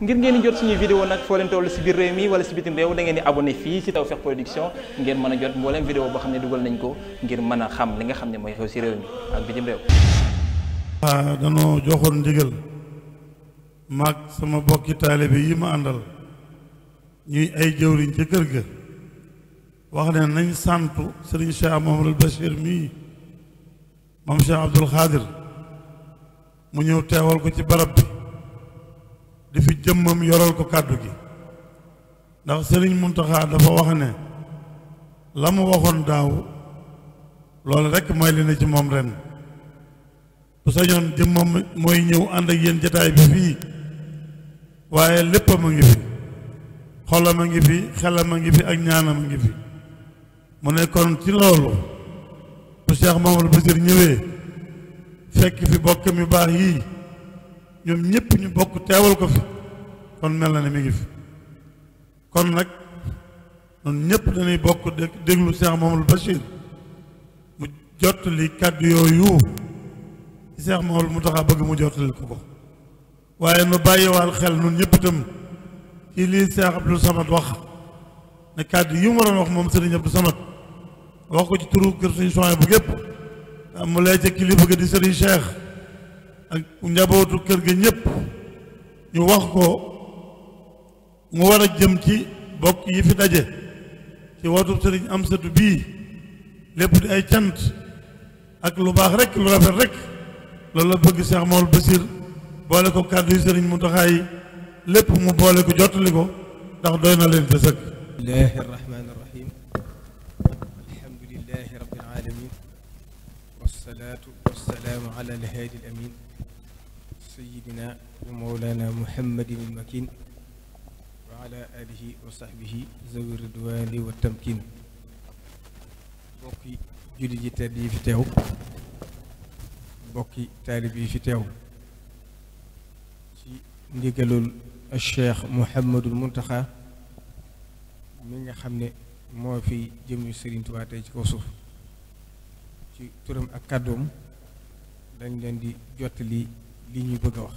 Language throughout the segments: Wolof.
ngir ngeen di jot suñuy vidéo nag foo leen toll si biir réew mi wala si bitim réew da ngeen di abonné fii si Tawfekh Production ngeen mën a jot mbooleem vidéo boo xam ne dugal nañ ko ngir mën a xam li nga xam ne mooy xew si réew mi ak bitim réew ah, danoo joxoon njëgal maag sama bokki taalibe yi ma àndal ñuy ay jëwriñ ca kër ga wax ne nañ santu sëriñ Cheikh moom Bachir mii moom Cheikh Abdoul Khadir mu ñëw teewal ko ci barab bi di fi jëmmam yoral ko kàddu gi ndax sëriñ Muntaxa dafa wax ne la mu waxoon daaw loolu rekk mooy li ci moom ren bu sañoon jëmmam mooy ñëw ànd ak yéen jataay bi fii waaye léppam a ngi fi xolam a ngi fi xelam a ngi fi ak ñaanam a ngi fi mu ne kon ci loolu bu Cheikh Mamadou Bassir ñëwee fekk fi bokk mi baax yii ñoom ñëpp ñu bokk teewal ko fi kon mel na ne mi ngi fi kon nag ñun ñëpp dañuy bokk déglu Cheikh Mamadou Bachir mu jottali kàddu yooyu Cheikh Mamadou mu tax a bëgg mu jottali ko ko waaye nu bàyyiwaal xel ñun ñëpp itam ci lii Cheikh Abdou Samad wax ne kàddu yi mu waroon wax moom Serigne Abdou samat wax ko ci turu kër suñu soxna bu gépp mu lay ca kilifa ga di Serigne Cheikh ak njabootu kër gi ñëpp ñu wax ko mu war a jëm ci bokk yi fi daje ci wootub sëriñ Amsatu bii lépp di ay cant ak lu baax rek lu rafet rek loolu la bëgg Cheikh Maoul Basir boole ko kàddu yi sëriñ Muntaxa yi lépp mu boole ko jottali ko ndax doy na leen te sëkk. والصلاة والسلام على الهادي الأمين سيدنا ومولانا محمد المكين وعلى آله وصحبه ذوي الرضوان والتمكين bokki julli ji tedd yi fi teew bokki taalib yi fi teew ci ndigalul Cheikh Mouhamadul Muntaxa mi nga xam ne moo fi jëm yu Sëriñ ci kaw suuf ci turam ak kàddoom dañ leen di jottali li ñuy bëgg a wax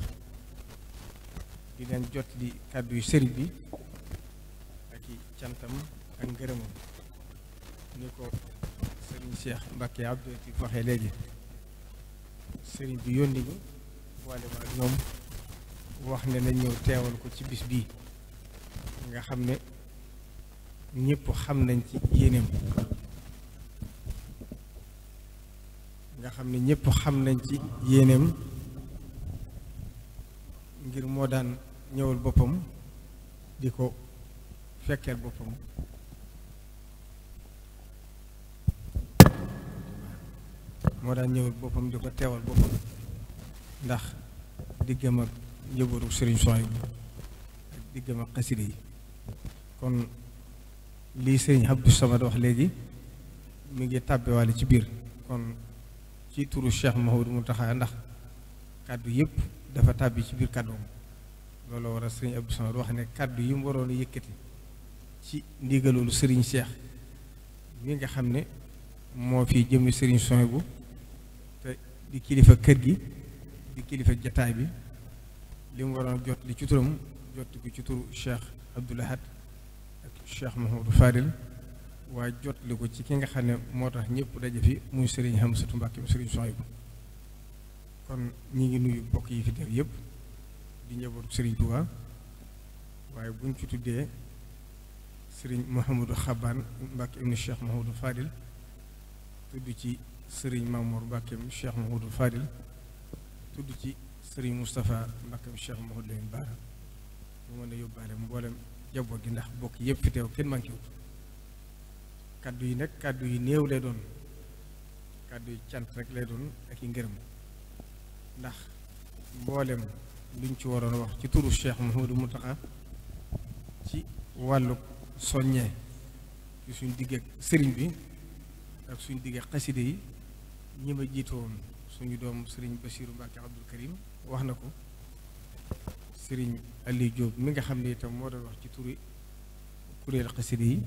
di leen jottali kàddu yu sëriñ bi ak i cantam ak ngërëmam ni ko sëriñ Cheikh Mbacke Abdou Latif waxee léegi sëriñ bi yónni ñu ma ak ñoom wax ne na ñëw teewal ko ci bis bii nga xam ne ñépp xam nañ ci yéeneem xam ne ñëpp xam nañ ci yéeneem ngir moo daan ñëwal boppam di ko fekkeel boppam moo daan ñëwal boppam di ko teewal boppam ndax diggam ak njëbooru sëriñ sooy ak diggam ak xasida yi kon lii sëriñ Abdou Samad wax léegi mu ngi tàbbiwaale ci biir kon ci turu Cheikh Mouhamadou Mountakha ndax kàddu yëpp dafa tàbbi ci biir kàddoom loolu war a sëriñ Abdou Samad wax ne kàddu yi mu waroon a yëkkati ci ndigalolu sëriñ Cheikh mi nga xam ne moo fi jëmm sëriñ Souhaïbou te di kilifa kër gi di kilifa jataay bi li mu waroon jot li ci turam jot ko ci turu Cheikh Abdoul Ahad ak Cheikh Mouhamadou Fadil waaye jotali ko ci ki nga xam ne moo tax ñëpp daje fi muy Serigne Hamsatu Mbàkke mu Serigne Soyibu kon ñi ngi nuyu bokk yi fi teew yëpp di njabootu Serigne Touba waaye buñ ci tuddee sëriñ Mouhamadou xaban Mbàkke ibnu Cheikh Mouhamadou Fadil tudd ci sëriñ Mamour Mbàkke ibnu Cheikh Mouhamadou Fadil tudd ci sëriñ Moustapha Mbàkke ibnu Cheikh Mouhamadou Lamine Bara mu mën a yóbbaale mboolem jaboot di ndax bokk yëpp fi teew kenn manqué wut kàddu yi nag kàddu yi néew lay doon kàddu yi cant rek lay doon ak yi ngërëm ndax mboolem luñ ci waroon wax ci turu Cheikh Mouhamadou Mountakha ci wàllu soññee ci suñ digg sëriñ bi ak suñ digg ak xaside yi ñi ma jiitoon suñu doom sëriñ Bassirou Mbacké Abdoul Karim wax na ko sëriñ Aliou Diop mi nga xam ne itam moo doon wax ci turu kuréel xaside yi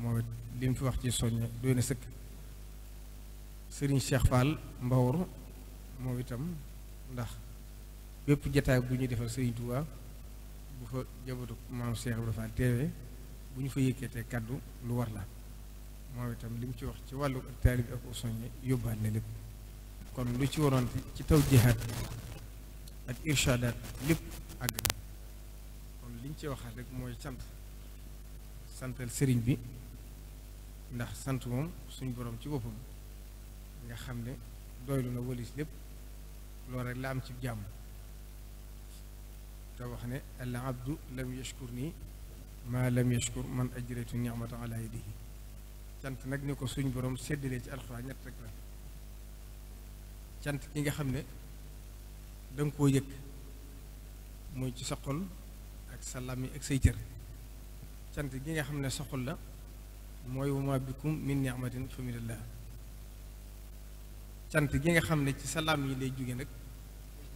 moom it li fi wax ci soññe doy na sëkk sëriñ Cheikh Fall Mbawar moom ndax bépp jataay bu ñu defal sëriñ Touba bu fa jabatu maam Cheikh Ibrahima Fall teewee bu ñu fa yëkkatee kàddu lu war la moom itam li mu ci wax ci wàllu taalib bi ak soññe yóbbaal na lépp kon lu ci waroon ci taw jihaat ak liñ ci waxaat rek mooy sant santal sëriñ bi ndax sant moom suñ boroom ci boppam nga xam ne doylu na wëlis lépp loolu rek la am ci jàmm te wax ne al abdu lam yashkur nii maa lam yashkur man ajratu nicmata ala yadihi cant nag ni ko suñ borom séddalee ci alxuraan ñett rek la cant ki nga xam ne da nga koo yëg muy ci sa xol ak sa làmmiñ ak say cër cant gi nga xam ne sa xol la mooy wa ma bikum min ni'matin fa minillah cant gi nga xam ne ci salaam yi lay jóge nag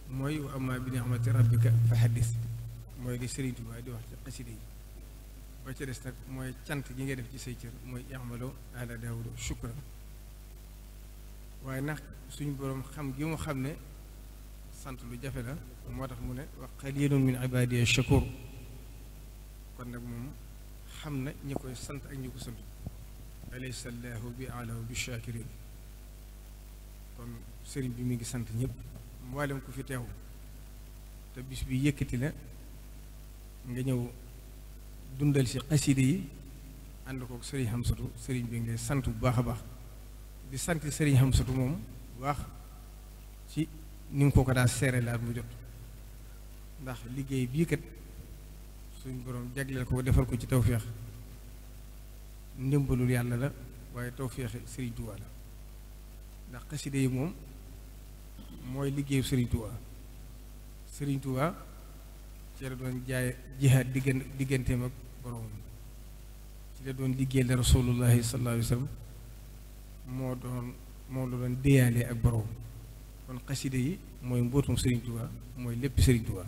mooy wa amma bi ni'mati rabbika fa xaddis mooy li Sëriñ Tuubaa di wax ci xasida yi ba mooy cant gi nga def ci say cër mooy i'malu ala daawuda shukran waaye nag suñu boroom xam gi mu xam ne sant lu jafe la moo tax mu ne wa qalilun min ibadiya shakur kon nag moom xam na ñi koy sant ak ñi ko sant alaysa llaahu bi alahu bi shakirin kon sëriñ bi mu ngi sant ñëpp mboolem ku fi teew te bis bi yëkkati la nga ñëw dundal si xaside yi ànd kook sëriñ Hamsatu sëriñ bi ngay sant bu baax a baax di sant sëriñ xam Hamsatu moom wax ci ni nga ko ko daa seere laat mu jot ndax liggéey bii kat suñ borom jagleel ko defal ko ci tawféex ndimbalul yàlla la waaye tawféexe Serigne Touba la ndax xaside yi moom mooy liggéeyu Serigne Touba Serigne Touba ci la doon jaay jihaad diggan digganteem ak boromam ci la doon liggéey la rasulullahi sallallahu alayhi wa sallam moo doon moom la doon déyaalee ak borom kon xaside yi mooy mbootum Serigne mooy lépp Serigne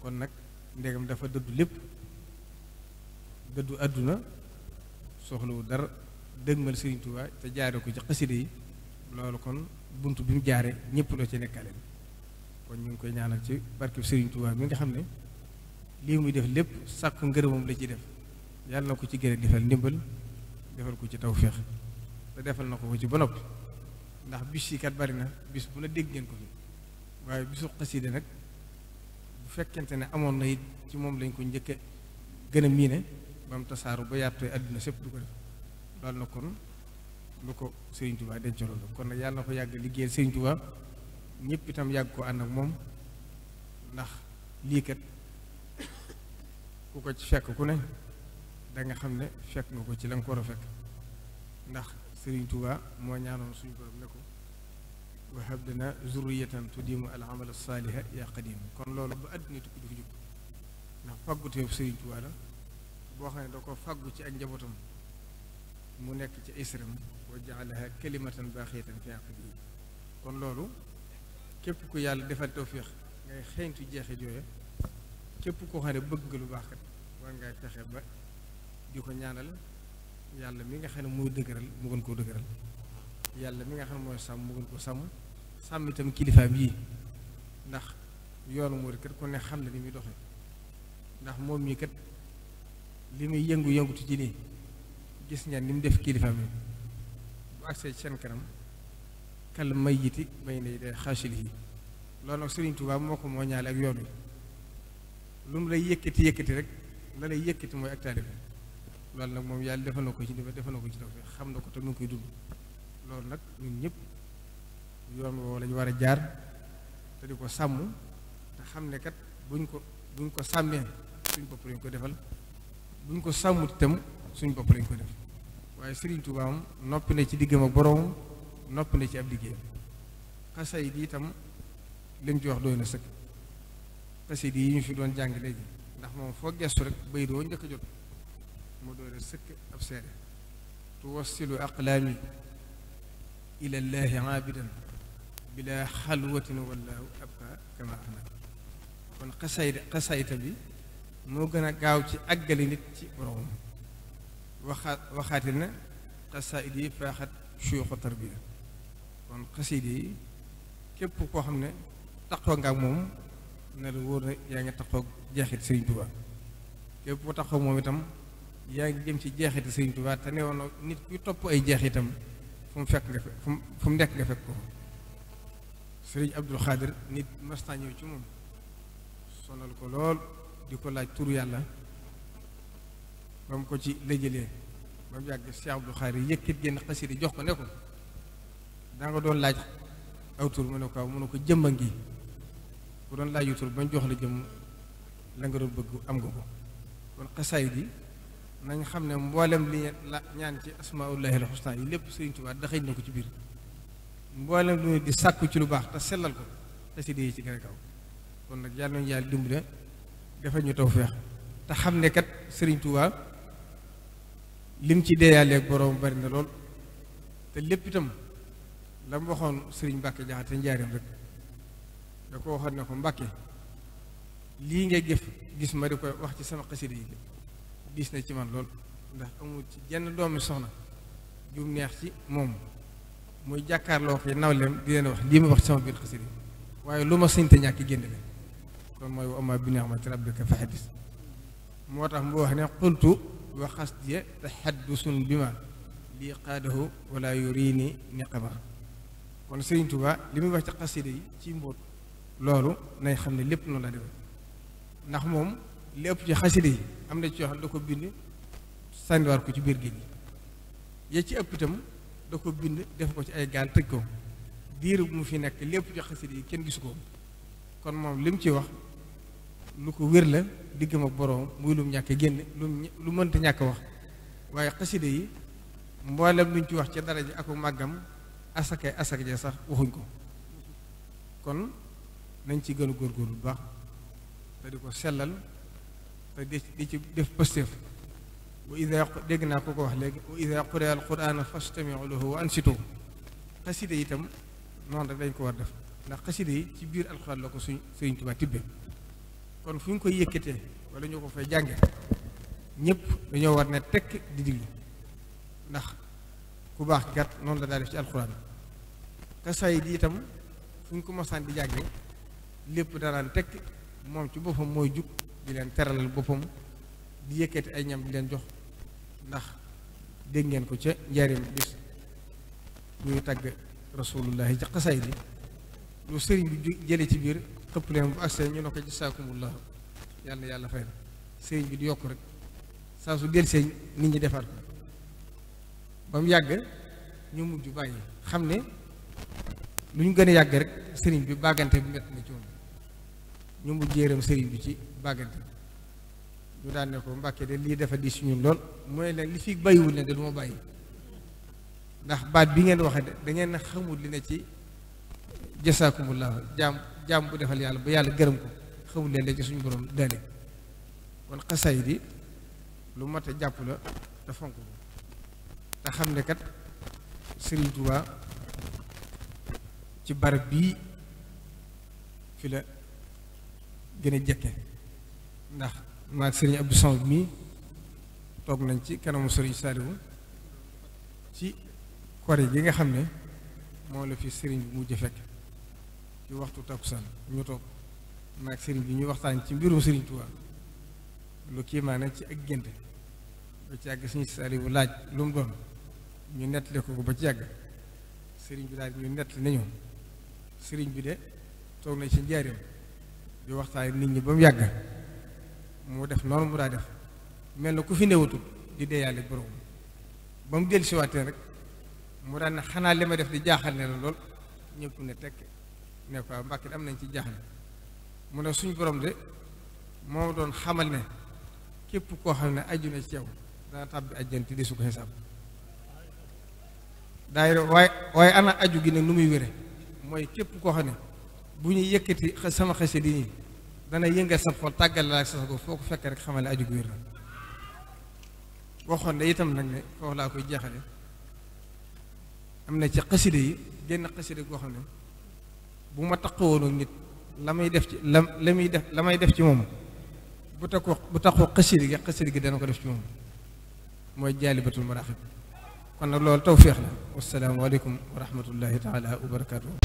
kon nag. ndegam dafa dëddu lépp dëddu àdduna soxlawu dara dëgmal Sëriñ te jaare ko ci xasida yi loolu kon bunt bi mu jaare ñëpp loo ci nekkaleen kon ñu ngi koy ñaanal ci barkeb Sëriñ Tuubaa mi nga xam ne lii muy def lépp sàkk ngërëmam la ci def yàlla na ko ci gën a defal ndimbal defal ko ci tawféex te defal na ko ko ci ba noppi ndax bis yi bari na bis bu na dégg ngeen ko fi waaye bisu xasida nag fekkente ne amoon na it ci moom lañ ko njëkk a gën a miine ba mu tasaaru ba yaatooy àdduna sépp du ko loolu na kon lu ko Serigne Touba dencaloon kon nag yàlla na ko yàgg liggéeyal Serigne Touba ñëpp itam yàgg ko ànd ak moom ndax lii kat ku ko ci fekk ku ne danga xam ne fekk nga ko ci la nga ko war ndax Serigne Touba moo ñaanoon suñu borom ne ko. wa hablanaa zurriyatan tudiimu al amal saaliha yaa qadiim kon loolu ba àdduna tukki du fi jóg ndax fàgguteef Sëriñ Tuubaa la boo xam ne da ko fàggu ci ak njabootam mu nekk ci isram wa jaalaha kalimatan baaxiyatan fi aqdi kon loolu képp ku yàlla defal tawfiix ngay xeeñtu jeexe jooya képp koo xam ne bëgg lu baax kat war ngay ba di ko ñaanal yàlla mi nga xam ne mooy dëgëral mu gën koo dëgëral yàlla mi nga xam ne mooy sàmm mu gën ko sàmm sàmm itam kilifaam yii ndax yoonu murid kat ku ne xam na ni muy doxe ndax moom mii kat li muy yëngu-yëngutu ci gis ñaan li mu def kilifaam yi bu agsee seen kanam kal may yiti may ne day xaasil yi loolu nag Sëriñ Tuubaa moo ko moo ñaale ak yoon wi lu mu lay yëkkati yëkkati rek la lay yëkkati mooy ak taalibe loolu nag moom yàlla defal na ko ci defal na ko ci def xam na ko te mu koy dund loolu nag ñun ñëpp yoon woo lañu war a jaar te di ko sàmm te xam ne kat buñ ko buñ ko sàmmee suñ bopp lañ ko defal buñ ko sàmmut itam suñ bopp lañ ko def waaye Sëriñ Tuubaa moom noppi na ci diggam ak boroom noppi na ci ab liggéey xasayid yi itam liñ ci wax doy na sëkk xasayid yi ñu fi doon jàng léegi ndax moom foo gestu rek bay doo njëkk jot mu doy na sëkk ab seere tuwassilu aqlaami ilallaahi aabidan bilaa xalwatin wallaahu abqa kama xamal kon xasayta xasayta bi moo gën a gaaw ci àggali nit ci borom waxaat waxaati na xasaayid yi faaxat suyuxu tarbiya kon xasayda yi képp koo xam ne taxoo nga ak moom na la wóor na yaa ngi taxoo jeexit Sëriñ Tuubaa képp ku taxoo moom itam yaa ngi jëm ci jeexit Sëriñ Tuubaa te ne woon nit kuy topp ay jeexitam fu mu fekk nga fekk fu mu nekk nga fekk ko sëriñ Abdul Xaadir nit masta ñëw ci moom sonal ko lool di ko laaj turu yàlla ba ko ci lëjëlee ba mu yàgg Cheikh Abdul Xaadir yëkkit génn xasida jox ko ne ko daa doon laaj aw tur mu ne ko mu ne ko jëmba ngi bu doon laaju tur ba jox la jëm la nga doon bëgg am nga ko kon xasaay bi nañ xam ne mboolem li ñaan ci asmaullahi al husna yi lépp sëriñ Tuubaa daxañ na ko ci biir mboolem lu di sàkku ci lu baax te sellal ko xasida yi ci gën kaw kon nag yàlla nañu yàlla dimbale dafa ñu feex te xam ne kat Sëriñ Tuubaa lim ci deeyaaleeg boroom bari na lool te lépp itam la mu waxoon Sëriñ Mbàkke Jaxate njaareem rek da ko waxoon ne ko Mbàkke lii ngay jëf gis ma di koy wax ci sama xasida yi gis na ci man lool ndax amul ci jenn doomi soxna jum neex ci moom muy jàkkaarloo fi nawleem di leen wax lii ma wax sama biir xasida waaye lu ma sëñte ñàkk génn la kon mooy wa amma bi ni'mati rabbika fa xaddis moo tax mu wax ne qultu wa xasdiya tahaddusun bi ma lii qaadahu wala yurini niqama kon li muy wax ci xasida yi ci mbóot loolu nay xam ne lépp noonu la demee ndax moom li ëpp ci xasida yi am na ci yoo xam da ko bind sànniwaat ko ci biir géej gi ci ëpp itam da ko bind def ko ci ay gaal tëj ko diir bu mu fi nekk lépp ci xasida yi kenn gisu ko kon moom li mu ci wax lu ko wér la diggam ak boroom muy lum ñàkk génn lu mënta ñàkk wax waaye xasida yi mboolem luñ ci wax ca dara ji aku màggam asakay asak ja sax waxuñ ko kon nañ ci gën a góor bu baax te di ko sellal te di ci def pëstéef wa ida dégg naa ko ko wax léegi wa ida quri'a alquran fastami'u lahu wa ansitu xaside itam noonu rek dañ ko war def ndax xaside yi ci biir alquran la ko suñ Sëriñ Tuubaa tibbe kon fu ñu koy yëkkatee wala ñoo ko fay jànge ñëpp dañoo war ne tekk di diglu ndax ku baax kat noonu la daa def ci alquran xasaay di itam fu ñu ko mosaan di jànge lépp danaan tekk moom ci boppam mooy jug di leen teralal boppam di yëkkati ay ñam di leen jox ndax dégg ngeen ko ca njariñ bis muy tagg rasulullahi ci xasaay bi lu sëriñ bi jële ci biir xëpp leen bu agsee ñu ne ko jasaakumullahu yàlla na yàlla fay na sëriñ bi di yokk rek saa su delsee nit ñi defar ko ba mu yàgg ñu mujj bàyyi xam ne lu ñu gën a yàgg rek sëriñ bi bàggante bu mett na ci woon ñu mujj yërëm sëriñ bi ci bàggante ñu daal ne ko Mbàkke de lii defar di suñu lool mooy nag li fi bàyyiwul ne de du ma bàyyi ndax baat bi ngeen waxe dangeen na xamul li ne ci jasaakumullahu jaam jaam bu defal yàlla ba yàlla gërëm ko xamul leen de ci suñu borom daane kon xasaay di lu mat jàpp la te fonk ko te xam ne kat Sëriñ ci barab bii fi la gën a jekke ndax maag sëriñ abu Samb mii toog nañ ci kanamu sëriñ Saliou ci kori gi nga xam ne moo la fi sëriñ bi mujj fekk ci waxtu takkusaan ñu toog maag sëriñ bi ñu waxtaan ci mbirum sëriñ Touba lu kii ci ak génte ba ci yàgg sëriñ Saliou laaj lu mu doon ñu nettali ko ba ci yàgg sëriñ bi daal ñu nett nañu sëriñ bi de toog nañ ci njaareem di waxtaan nit ñi ba mu yàgg moo def noonu mu daa def mel na ku fi newatul di deeyaale borom ba mu dellu siwaatee rek mu daan ne xanaa li ma def di jaaxal ne la lool ñëpp ne tekk ne ko am nañ ci jaaxal mu ne suñ borom de moo doon xamal ne képp koo xam ne aju na ci yow dana tàbbi ajjanti di su ko xisaab daayira waaye waaye ana aju gi nag nu muy wére mooy képp koo xam ne bu ñu yëkkati sama xase di nii dana yëngal sa xol tàggal la ak sa sago foo ko fekk rek xamal ne aju wér la waxoon ne itam nag ne foofu laa koy jeexale am na ci xaside yi génn xaside goo xam ne bu ma taqawoon ak nit la may def ci la la muy def la may def ci moom bu taxoo bu taxoo xaside gi xaside gi dana ko def ci moom mooy jaalibatul maraaxib kon nag loolu tawféex la wassalaamu aleykum wa rahmatullahi taala wa barakaatu